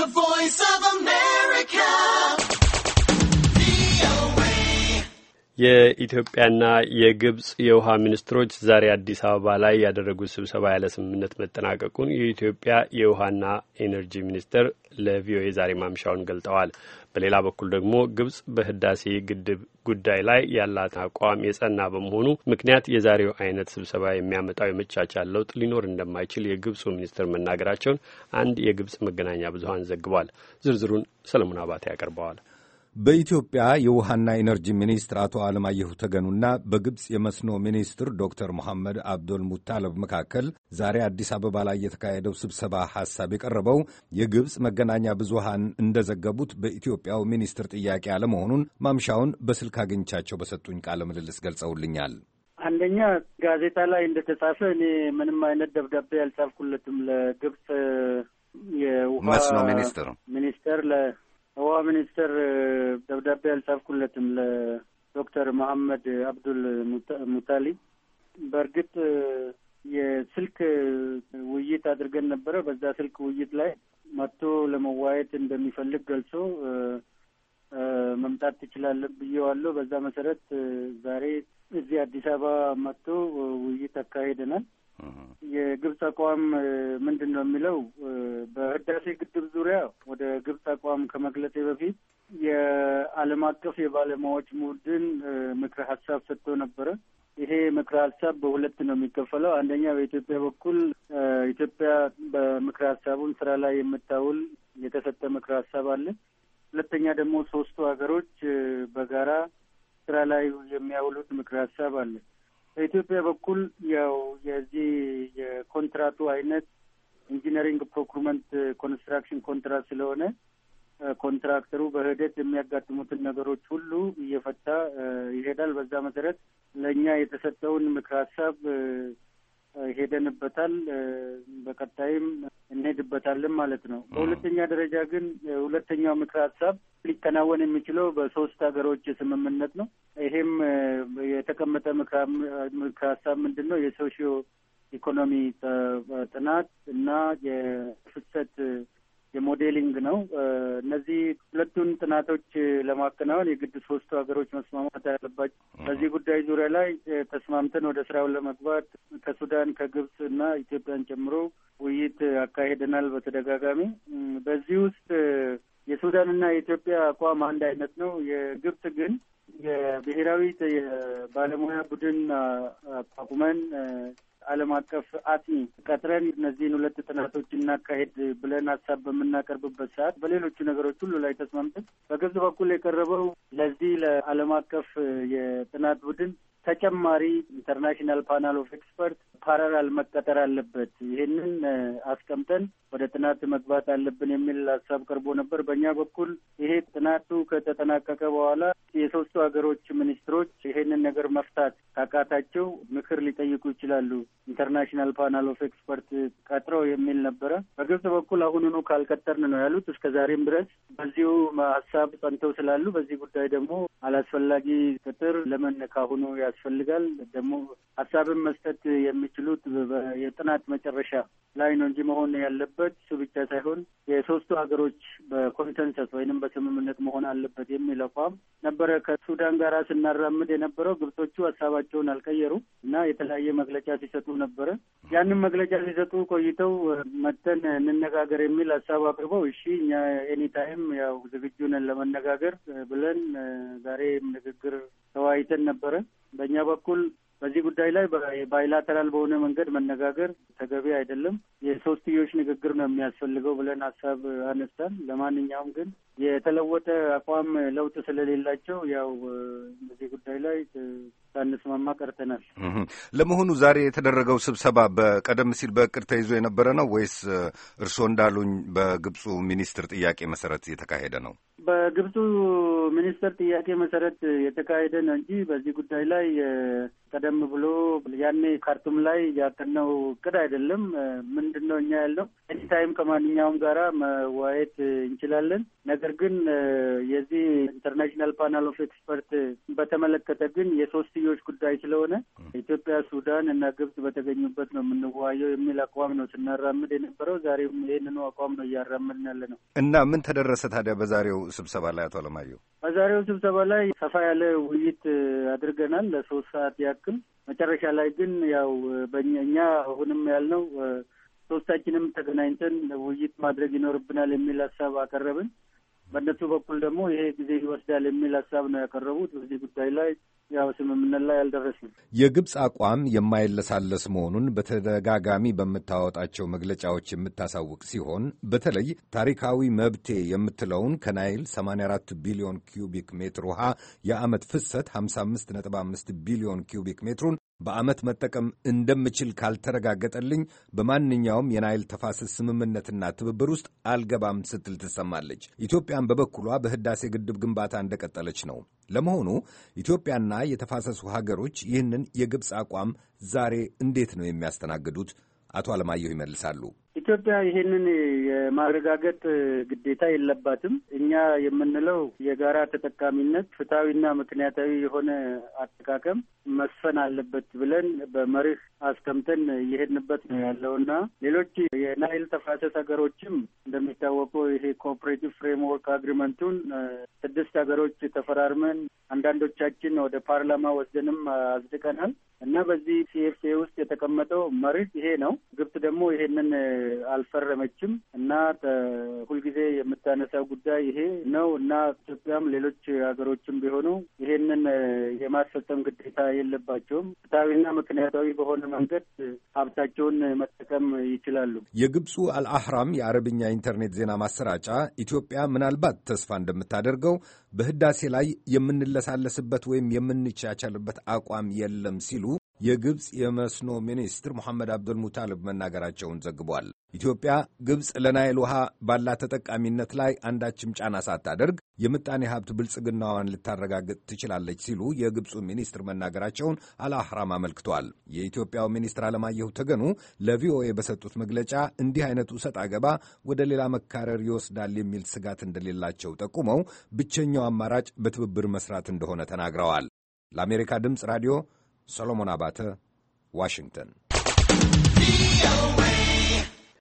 The Voice of የኢትዮጵያና የግብጽ የውሃ ሚኒስትሮች ዛሬ አዲስ አበባ ላይ ያደረጉት ስብሰባ ያለ ስምምነት መጠናቀቁን የኢትዮጵያ የውሃና ኤነርጂ ሚኒስትር ለቪኦኤ ዛሬ ማምሻውን ገልጠዋል። በሌላ በኩል ደግሞ ግብጽ በህዳሴ ግድብ ጉዳይ ላይ ያላት አቋም የጸና በመሆኑ ምክንያት የዛሬው አይነት ስብሰባ የሚያመጣው የመቻቻል ለውጥ ሊኖር እንደማይችል የግብጹ ሚኒስትር መናገራቸውን አንድ የግብጽ መገናኛ ብዙኃን ዘግቧል። ዝርዝሩን ሰለሞን አባቴ ያቀርበዋል። በኢትዮጵያ የውሃና ኢነርጂ ሚኒስትር አቶ አለማየሁ ተገኑና በግብፅ የመስኖ ሚኒስትር ዶክተር መሐመድ አብዶል ሙታለብ መካከል ዛሬ አዲስ አበባ ላይ የተካሄደው ስብሰባ ሐሳብ የቀረበው የግብፅ መገናኛ ብዙሃን እንደዘገቡት በኢትዮጵያው ሚኒስትር ጥያቄ አለመሆኑን ማምሻውን በስልክ አግኝቻቸው በሰጡኝ ቃለ ምልልስ ገልጸውልኛል። አንደኛ ጋዜጣ ላይ እንደተጻፈ እኔ ምንም አይነት ደብዳቤ አልጻፍኩለትም ለግብፅ የውሃ ሚኒስትር ሚኒስተር ውሃ ሚኒስቴር ደብዳቤ አልጻፍኩለትም ለዶክተር መሐመድ አብዱል ሙታሊ። በእርግጥ የስልክ ውይይት አድርገን ነበረ። በዛ ስልክ ውይይት ላይ መጥቶ ለመዋየት እንደሚፈልግ ገልጾ መምጣት ትችላለህ ብዬዋለሁ። በዛ መሰረት ዛሬ እዚህ አዲስ አበባ መጥቶ ውይይት አካሄደናል። የግብጽ አቋም ምንድን ነው የሚለው በህዳሴ ግድብ ዙሪያ ወደ ግብጽ አቋም ከመግለጼ በፊት የዓለም አቀፍ የባለሙያዎች ቡድን ምክረ ሀሳብ ሰጥቶ ነበረ። ይሄ ምክረ ሀሳብ በሁለት ነው የሚከፈለው። አንደኛ በኢትዮጵያ በኩል ኢትዮጵያ በምክረ ሀሳቡን ስራ ላይ የምታውል የተሰጠ ምክረ ሀሳብ አለ። ሁለተኛ ደግሞ ሶስቱ ሀገሮች በጋራ ስራ ላይ የሚያውሉት ምክር ሀሳብ አለ። በኢትዮጵያ በኩል ያው የዚህ የኮንትራቱ አይነት ኢንጂነሪንግ ፕሮኩርመንት ኮንስትራክሽን ኮንትራት ስለሆነ ኮንትራክተሩ በሂደት የሚያጋጥሙትን ነገሮች ሁሉ እየፈታ ይሄዳል። በዛ መሰረት ለእኛ የተሰጠውን ምክር ሀሳብ ሄደንበታል። በቀጣይም እንሄድበታለን ማለት ነው። በሁለተኛ ደረጃ ግን ሁለተኛው ምክር ሀሳብ ሊከናወን የሚችለው በሶስት ሀገሮች ስምምነት ነው። ይሄም የተቀመጠ ምክረ ሀሳብ ምንድን ነው? የሶሺዮ ኢኮኖሚ ጥናት እና የፍሰት የሞዴሊንግ ነው። እነዚህ ሁለቱን ጥናቶች ለማከናወን የግድ ሶስቱ ሀገሮች መስማማት አለባቸው። በዚህ ጉዳይ ዙሪያ ላይ ተስማምተን ወደ ስራውን ለመግባት ከሱዳን ከግብጽ እና ኢትዮጵያን ጨምሮ ውይይት አካሄደናል በተደጋጋሚ በዚህ ውስጥ የሱዳንና የኢትዮጵያ አቋም አንድ አይነት ነው። የግብጽ ግን የብሔራዊ የባለሙያ ቡድን አቋቁመን ዓለም አቀፍ አጥኚ ቀጥረን እነዚህን ሁለት ጥናቶች እናካሄድ ብለን ሀሳብ በምናቀርብበት ሰዓት በሌሎቹ ነገሮች ሁሉ ላይ ተስማምተን በግብጽ በኩል የቀረበው ለዚህ ለዓለም አቀፍ የጥናት ቡድን ተጨማሪ ኢንተርናሽናል ፓናል ኦፍ ኤክስፐርት ፓራላል መቀጠር አለበት፣ ይህንን አስቀምጠን ወደ ጥናት መግባት አለብን የሚል ሀሳብ ቀርቦ ነበር። በእኛ በኩል ይሄ ጥናቱ ከተጠናቀቀ በኋላ የሶስቱ ሀገሮች ሚኒስትሮች ይሄንን ነገር መፍታት ካቃታቸው ምክር ሊጠይቁ ይችላሉ፣ ኢንተርናሽናል ፓናል ኦፍ ኤክስፐርት ቀጥረው የሚል ነበረ። በግብጽ በኩል አሁኑኑ ካልቀጠርን ነው ያሉት። እስከ ዛሬም ድረስ በዚሁ ሀሳብ ጸንተው ስላሉ በዚህ ጉዳይ ደግሞ አላስፈላጊ ቅጥር ለምን ካሁኑ ያስፈልጋል ደግሞ ሀሳብን መስጠት የሚ የሚችሉት የጥናት መጨረሻ ላይ ነው እንጂ መሆን ያለበት እሱ ብቻ ሳይሆን የሶስቱ ሀገሮች በኮንሰንሰስ ወይንም በስምምነት መሆን አለበት የሚል አቋም ነበረ። ከሱዳን ጋር ስናራምድ የነበረው ግብጾቹ ሀሳባቸውን አልቀየሩ እና የተለያየ መግለጫ ሲሰጡ ነበረ። ያንን መግለጫ ሲሰጡ ቆይተው መተን እንነጋገር የሚል ሀሳብ አቅርበው እሺ እኛ ኤኒታይም ያው ዝግጁ ነን ለመነጋገር ብለን ዛሬ ንግግር ተወያይተን ነበረ። በእኛ በኩል በዚህ ጉዳይ ላይ ባይላተራል በሆነ መንገድ መነጋገር ተገቢ አይደለም። የሶስትዮሽ ንግግር ነው የሚያስፈልገው ብለን ሀሳብ አነሳን። ለማንኛውም ግን የተለወጠ አቋም ለውጥ ስለሌላቸው ያው በዚህ ጉዳይ ላይ ሳንስማማ ቀርተናል። ለመሆኑ ዛሬ የተደረገው ስብሰባ በቀደም ሲል በእቅድ ተይዞ የነበረ ነው ወይስ እርስዎ እንዳሉኝ በግብፁ ሚኒስትር ጥያቄ መሰረት የተካሄደ ነው? በግብፁ ሚኒስትር ጥያቄ መሰረት የተካሄደ ነው እንጂ በዚህ ጉዳይ ላይ ቀደም ብሎ ያኔ ካርቱም ላይ ያቀነው እቅድ አይደለም። ምንድን ነው እኛ ያለው ኤኒ ከማንኛውም ጋራ መዋየት እንችላለን። ነገር ግን የዚህ ኢንተርናሽናል ፓናል ኦፍ ኤክስፐርት በተመለከተ ግን የሶስት የሁለትዮሽ ጉዳይ ስለሆነ ኢትዮጵያ፣ ሱዳን እና ግብጽ በተገኙበት ነው የምንወያየው የሚል አቋም ነው ስናራምድ የነበረው። ዛሬም ይህንኑ አቋም ነው እያራምድን ያለ ነው እና ምን ተደረሰ ታዲያ በዛሬው ስብሰባ ላይ አቶ አለማየሁ? በዛሬው ስብሰባ ላይ ሰፋ ያለ ውይይት አድርገናል ለሶስት ሰዓት ያክል። መጨረሻ ላይ ግን ያው በእኛ አሁንም ያልነው ሶስታችንም ተገናኝተን ውይይት ማድረግ ይኖርብናል የሚል ሀሳብ አቀረብን። በእነሱ በኩል ደግሞ ይሄ ጊዜ ይወስዳል የሚል ሀሳብ ነው ያቀረቡት። በዚህ ጉዳይ ላይ ያው ስምምነት ላይ አልደረስንም። የግብፅ አቋም የማይለሳለስ መሆኑን በተደጋጋሚ በምታወጣቸው መግለጫዎች የምታሳውቅ ሲሆን በተለይ ታሪካዊ መብቴ የምትለውን ከናይል 84 ቢሊዮን ኪዩቢክ ሜትር ውሃ የዓመት ፍሰት 55.5 ቢሊዮን ኪዩቢክ ሜትሩን በዓመት መጠቀም እንደምችል ካልተረጋገጠልኝ በማንኛውም የናይል ተፋሰስ ስምምነትና ትብብር ውስጥ አልገባም ስትል ትሰማለች። ኢትዮጵያን በበኩሏ በህዳሴ ግድብ ግንባታ እንደቀጠለች ነው። ለመሆኑ ኢትዮጵያና የተፋሰሱ ሀገሮች ይህንን የግብፅ አቋም ዛሬ እንዴት ነው የሚያስተናግዱት? አቶ አለማየሁ ይመልሳሉ። ኢትዮጵያ ይሄንን የማረጋገጥ ግዴታ የለባትም። እኛ የምንለው የጋራ ተጠቃሚነት ፍትሐዊና ምክንያታዊ የሆነ አጠቃቀም መስፈን አለበት ብለን በመርህ አስቀምጠን እየሄድንበት ነው ያለው ሌሎች የናይል ተፋሰስ ሀገሮችም እንደሚታወቀው ይሄ ኮኦፕሬቲቭ ፍሬምወርክ አግሪመንቱን ስድስት ሀገሮች ተፈራርመን አንዳንዶቻችን ወደ ፓርላማ ወስደንም አጽድቀናል እና በዚህ ሲኤፍኤ ውስጥ የተቀመጠው መርህ ይሄ ነው። ግብጽ ደግሞ ይሄንን አልፈረመችም እና ሁልጊዜ የምታነሳው ጉዳይ ይሄ ነው እና ኢትዮጵያም ሌሎች ሀገሮችም ቢሆኑ ይሄንን የማስፈጸም ግዴታ የለባቸውም። ፍትሐዊና ምክንያታዊ በሆነ መንገድ ሀብታቸውን መጠቀም ይችላሉ። የግብፁ አልአህራም የአረብኛ ኢንተርኔት ዜና ማሰራጫ ኢትዮጵያ ምናልባት ተስፋ እንደምታደርገው በህዳሴ ላይ የምንለሳለስበት ወይም የምንቻቻልበት አቋም የለም ሲሉ የግብፅ የመስኖ ሚኒስትር ሙሐመድ አብዱል ሙታልብ መናገራቸውን ዘግቧል። ኢትዮጵያ ግብፅ ለናይል ውሃ ባላት ተጠቃሚነት ላይ አንዳችም ጫና ሳታደርግ የምጣኔ ሀብት ብልጽግናዋን ልታረጋግጥ ትችላለች ሲሉ የግብፁ ሚኒስትር መናገራቸውን አልአህራም አመልክቷል። የኢትዮጵያው ሚኒስትር አለማየሁ ተገኑ ለቪኦኤ በሰጡት መግለጫ እንዲህ አይነቱ ሰጥ አገባ ወደ ሌላ መካረር ይወስዳል የሚል ስጋት እንደሌላቸው ጠቁመው ብቸኛው አማራጭ በትብብር መስራት እንደሆነ ተናግረዋል። ለአሜሪካ ድምፅ ራዲዮ ሰሎሞን አባተ ዋሽንግተን